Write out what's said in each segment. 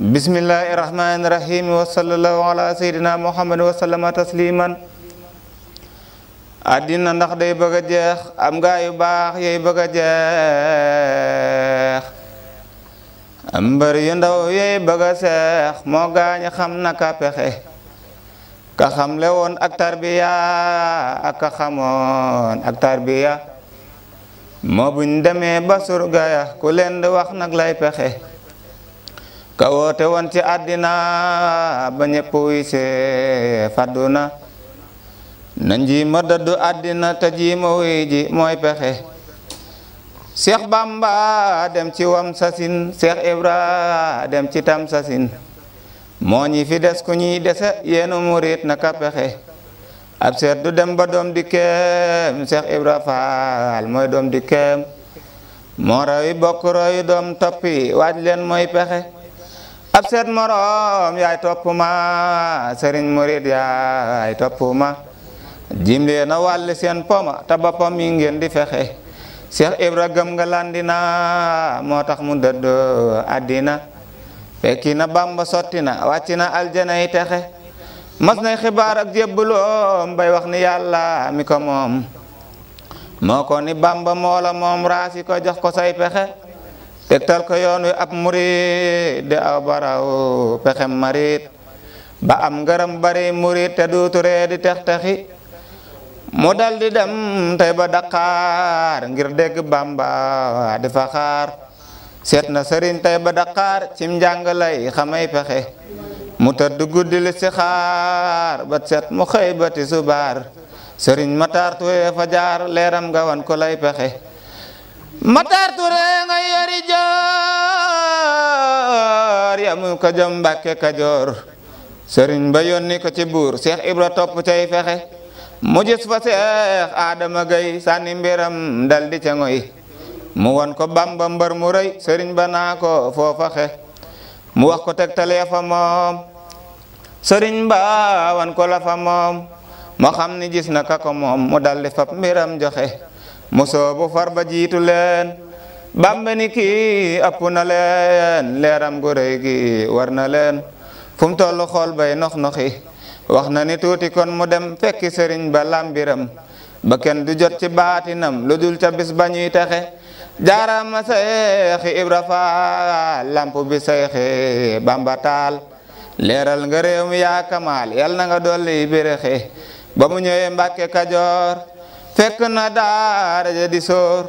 bismillahi rahmani rahim wa sallallahu ala sayyidina muhammad wa sallama tasliman àddina ndax day bëgg jeex am gaa yu baax yay bëgg a jeex am mbër yu ndaw yay bëgg a seex moo gaañ xam naka pexe ka xamle woon ak tarbiya ak xamoon ak tarbiya moo buñ demee ba surga ya ku leen di wax nag lay pexe ka woote woon ci àddina ba ñépp wuy see fadduna na njiima daddu àddina te jiima wuy ji mooy pexe Seex Bamba dem ci wam sasin Seex Ibra dem ci tam sasin moo ñi fi des ku ñuy dese yeenu murit na ka pexe ab seet du dem ba doom di Seex Ibra Faal mooy doom di keem moo rawi doom toppi waaj leen mooy pexe ab seet moroom yaay topp ma sëriñ murid yaay topp ma jimlee wàll seen poma te boppam yi ngeen di fexe Cheikh Ibra gëm nga landina moo tax mu dëdd àddina fekki na Bàmba sotti na wàcc na aljana yi texe mas nay xibaar ak jébbaloom bay wax ni yàlla mi ko moom moo ko ni Bàmba moo la moom raasi ko jox ko say pexe tegtal ko yoon wi ab murit de aw baraw pexem marit ba am ngërëm bari murit te duutu di tex texi mu dal di dem tey ba Dakar ngir dégg Bamba di fa xaar seet na sëriñ tey ba Dakar cim njàng lay xamay pexe mu tëdd guddi li si xaar ba seet mu xëy ba ti subaar sëriñ Matar Touré fa jaar leeram nga wan ko lay pexe Matar Touré nga joor yamu ko jom Mbàkke Kajoor sëriñ ba yónni ko ci buur Cheikh Ibra topp cay fexe mu gis fa Cheikh Adama Gueye sànni mbiram daldi di ca ngoy mu won ko Bamba mbër mu rëy sëriñ ba naa ko foo faxe mu wax ko tegtalee fa moom sëriñ ba wan ko la fa moom moo xam ni gis na ka moom mu daldi fab mbiram joxe mu soobu ba jiitu leen bamba ni kii app na leen leeram gu rëy war na leen fu mu toll xool bay nox-noxi wax na ni tuuti kon mu dem fekki sëriñ ba lambiram ba kenn du jot ci baatinam lu dul ca bis ba ñuy texe jaarama seexi ibra faal lamp bi seexi bamba leeral nga réew mi yaa kamaal yal na nga dolli birexe ba mu ñëwee mbàkke kajoor fekk na daara ja di soor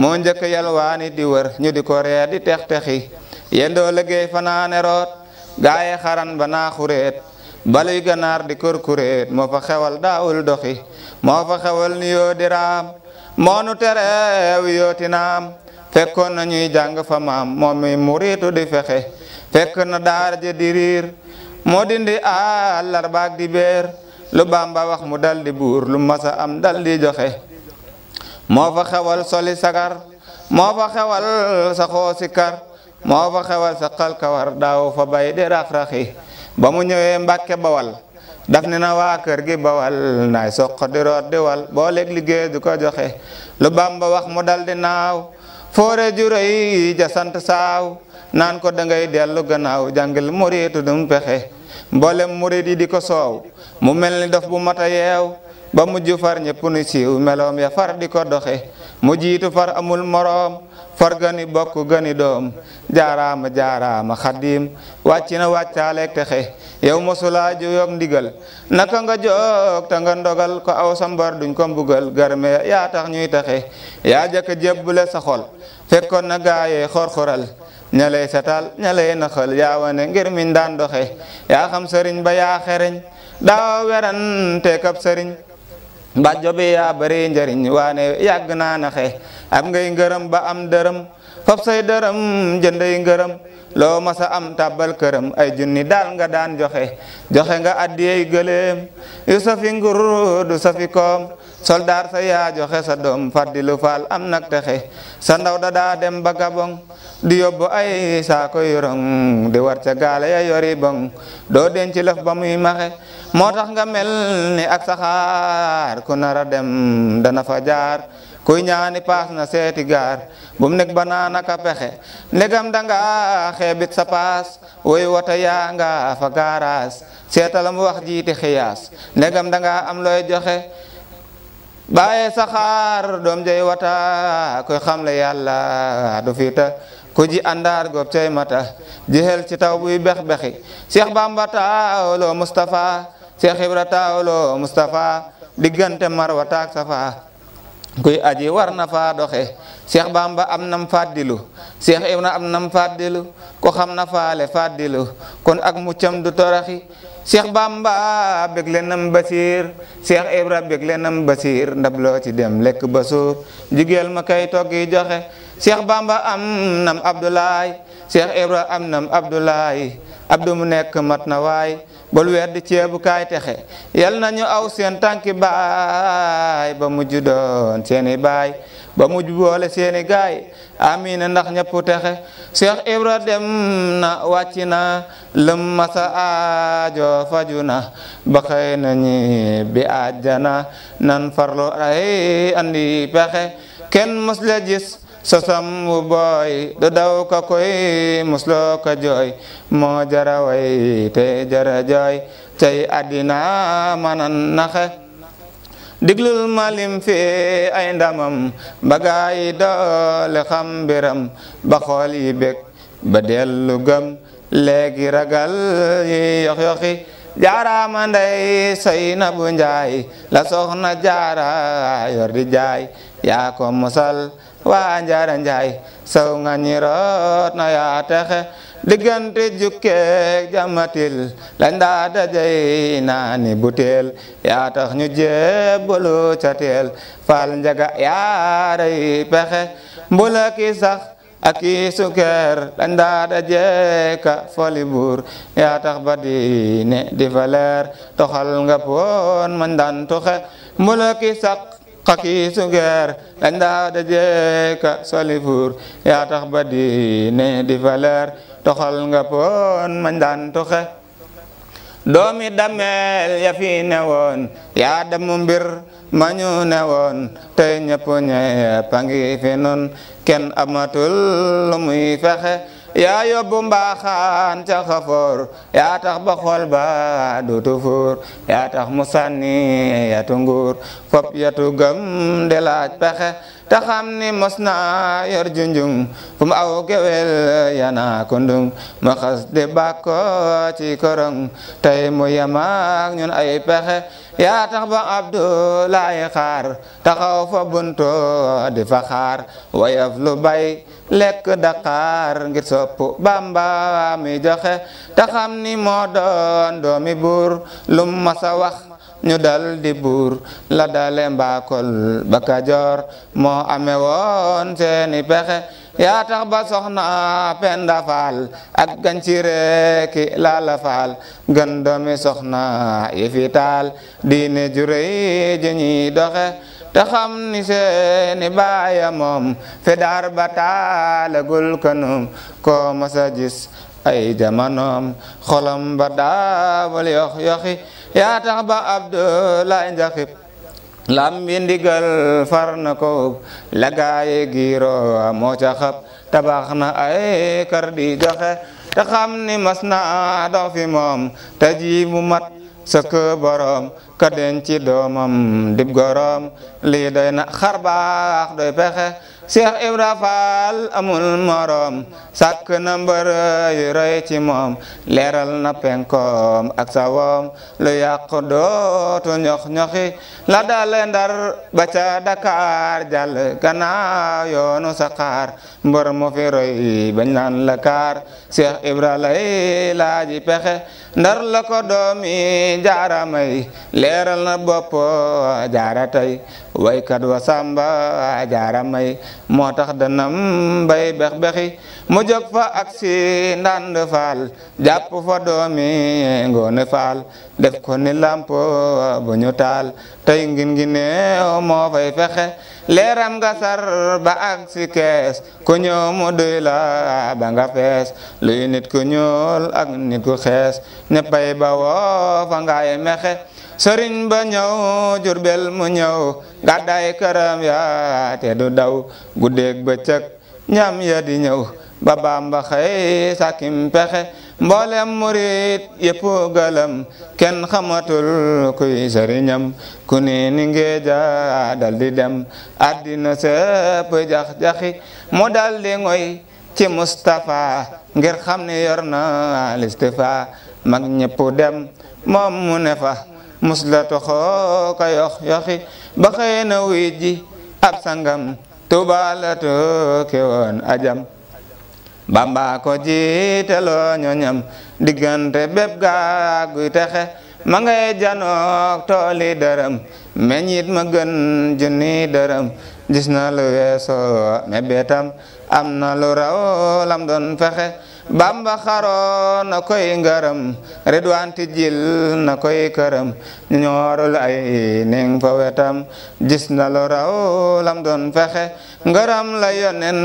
moo njëkk yalwaani di wër ñu di ko ree di tex-texi yendoo liggéey fanaane root gaaye xaran ba xureet baluy ganaar di kurkureet moo fa xewal daawul doxi moo fa xewal ni yoo moo nu tereew yooti fekkoon na ñuy jàng fa maam moom mi muriitu di fexe fekk na daara ja di riir moo dindi àllarbaak di beer lu Bàmba wax mu dal di buur lu masa am dal joxe moo fa xewal soli sakar moo fa xewal sa xoo sikar moo fa xewal sa xalkawar daaw fa bay di rax ba mu ñëwee Mbàkke Bawal daf ne na waa kër gi bawal naay soq di root di wal boo leeg liggéey du ko joxe lu Bàmba wax mu dal naaw foore juróy ja sant saaw naan ko dangay ngay dellu gannaaw jàngil muriitu dum pexe mboolem murit yi di ko soow mu mel ni dof bu mat a yeew ba mujj far ñëpp nu siiw meloom ya far di ko doxe mu jiitu far amul moroom far gani bokk gani doom jaaraama jaaraama xaddiim wàcc na wàccaaleeg texe yow mosulaa juyoog ndigal naka nga joog ta nga ndogal ko aw sambar duñ ko mbugal garme yaa tax ñuy texe yaa jëkk jébbule sa xol fekkoon na gaayee xorxoral ña lay satal ña lay naxal yaa wane ngir min daan doxe yaa ba yaa xereñ daaw werante kab sëriñ mbàjjo bi yaa bari njëriñ waane yàgg na naxe am ngay ngërëm ba am dërëm fab say dërëm jënday ngërëm loo masa am tabal këram ay junni daal nga daan joxe joxe nga addiyey gëleem yu safi ngur du safi koom soldaar sa yaa joxe sa doom faddilu faal am nag texe sa ndaw da daa dem ba gabong di yóbbu ay saako yorong di war ca gaale ya yori bong doo denc lëf ba muy maxe moo tax nga mel ni ak saxaar ku nar dem dana fa jaar kuy ñaani paas na seeti gaar bu mu nekk ba pexe ndegam danga xeebit sa woy wata yaa nga fa gaaraas seetalam wax jiiti xiyaas ndegam danga am looy joxe bàyyi saxaar doom jey wata koy xamle yàlla du fiita ku ji àndaar goob cay mata jëxel ci taw buy bex-bexi Cheikh Bamba taawloo Moustapha Cheikh Ibra taawloo Moustapha diggante Marwa taak Safa kuy aji war na faa doxe Cheikh Bamba am nam fàddilu Cheikh Ibra am na faale fàddilu kon ak muccam du toraxi Cheikh Bamba bég lenam basiir Cheikh Ibra bég lenam basiir ndab loo dem lekk ba suur ma kay toggi joxe Cheikh Bamba am nam Abdoulaye Cheikh Ibra am nam Abdoulaye Abdou mu nekk mat na waay bul wedd ceebu kaay texe yal nañu aw seen tànki baay ba mujj doon seeni baay ba mujj boole seeni gaay amiin ndax ñëpp texe Cheikh Ibra dem na wàcc na lëm masa aajo faju na ba xëy na ñi bi àjjana nan farlu ay andi pexe kenn mës la gis sosam wu booy du daw ka koy musloo ka moo jara way te jara jooy cay àddina manan naxe diglul malim fi ay ndamam bagaa yi doole xam mbiram yi bég ba dellu gëm léegi ragal yi yox yoxi jaaraama ndey say na bu njaay la soxna jaara yor di jaay yaa ko musal waa njaara njaay saw nga ñi na yaa texe diggante jukkeeg jamatil lañ daa dajay naa buteel yaa tax ñu jébbalu ca teel fal njaga yaaray pexe mbula ki sax aki sukeer dañ daa daje foli buur yaa tax ba diine di fa toxal nga poon man daan tuxe mbula ki sax xaki sungeer dañ daa dajeeka solifuur yaa tax ba diine di fa leer toxal nga poon mañ daan toxe doomi dameel ya fi ne woon yaa damu mbir mañu ne woon tey ñëpp ñëpp a fi nun kenn amatul muy fexe yaa yóbbu mbaaxaan ca xafoor yaa tax ba xol ba dutu fuur yaa tax mu sànni yatu nguur fop yatu gëm de laaj pexe te xam ni mos yor junjung fu mu gewel yana kundung ma xas di bàkko ci korong mu yamaak ñun ay pexe yaa tax ba abdoulaye xaar taxaw fa bunto fa xaar wayaf lu bay lekk daqaar ngir sopp bamba mi joxe te ni moo doomi buur lum masa wax ñu dal di buur la dale mbaakol ba kajoor moo ame woon seeni pexe yaa tax ba soxna penda faal ak gancire ki laala faal gën soxna yi fi taal diine jurey ji ñuy doxe te xam ni seeni baaya moom fi ba taalagul kanum ko masa ay jamanoom xolam ba daawal yox yoxi yaa tax ba Abdoulaye Njaxib lam ndigal far na ko lagaaye giiro moo ca xab tabax na ay kër di joxe te xam ni mas na fi moom te ji mu mat sëkk borom ka denci doomam dib gorom lii doy na xar baax doy pexe Cheikh Ibra Fall amul morom sàkk na mbër yu roy ci moom leeral na penkoom ak sawoom lu yàqu dootu ñox-ñoxi la dale ndar ba ca Dakar jàll gannaaw yoonu saxaar mbër mu fi roy bañ naan la kaar Cheikh Ibra lay laaji pexe ndar la doomi jaaramay leeral na a jaara tey waykat wa sàmba jaara may moo tax danam bay bex-bexi mu jóg fa aksi ndand faal jàpp fa doomi ngoone faal def ko ni làmp bu ñu taal tey ngin ngi neew moo fay fexe leeram nga sar ba aksi kees ku ñëw mu duy la ba nga fees luy nit ku ñuul ak nit ku xees ñeppay ba woo fa ngaay mexe sëriñ ba ñëw jurbel mu ñëw gàddaay këram yaa te du daw guddeeg bëccëg ñam ya di ñëw ba Bàmba xëy sakim pexe mboolem murit yëpp gëlëm kenn xamatul kuy sëriñam ku ni ni ngeeja dal di dem addina sëpp jax-jaxi mu dal ngoy ci Mustapha ngir xam ne yor na listifa mag dem moom mu ne mus la toxoo ka yox yoxi ba xëy na wuy ji ab sangam Tuubaa la tooke woon ajam Bamba ko jiiteloo ñoñam diggante bépp gaag guy texe ma ngay janook tooli dërëm meññit ma gën junni dërëm gis na lu weesoo mebetam am na lu raw lam doon fexe bamba xaroo na koy ngaram ridwaan tijjil na koy këram ñoorul ay ning fa wetam gis na lu raw lam doon fexe ngaram la yonen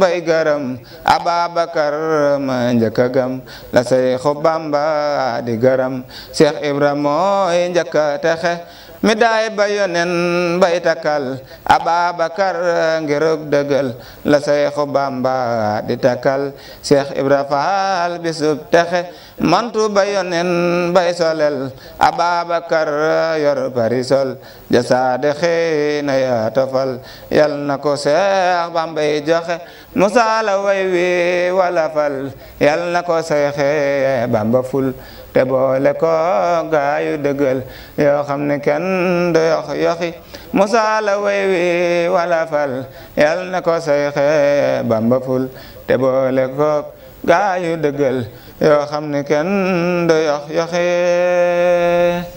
bay garam ababakar ma njëkka gam la say xu bamba di garam seex ibra mooy njëkka texe mi daay ba yonen bay takkal Ababakar ngirug dëggal la Seexu Bamba di takal Seex Ibra Faal bisub texe mantu ba yonen bay solel Ababakar yor parisol jasaade xëy na ya tofal yal na ko Seex Bambay joxe musaala way wi wala fal yal na ko Seexe Bamba ful te boole gaayu dëggal yoo xam ne kenn yox yoxi musaa la way fal yal na ko say xee bamba ful te boole gaayu dëggal yoo xam ne kenn yox yoxi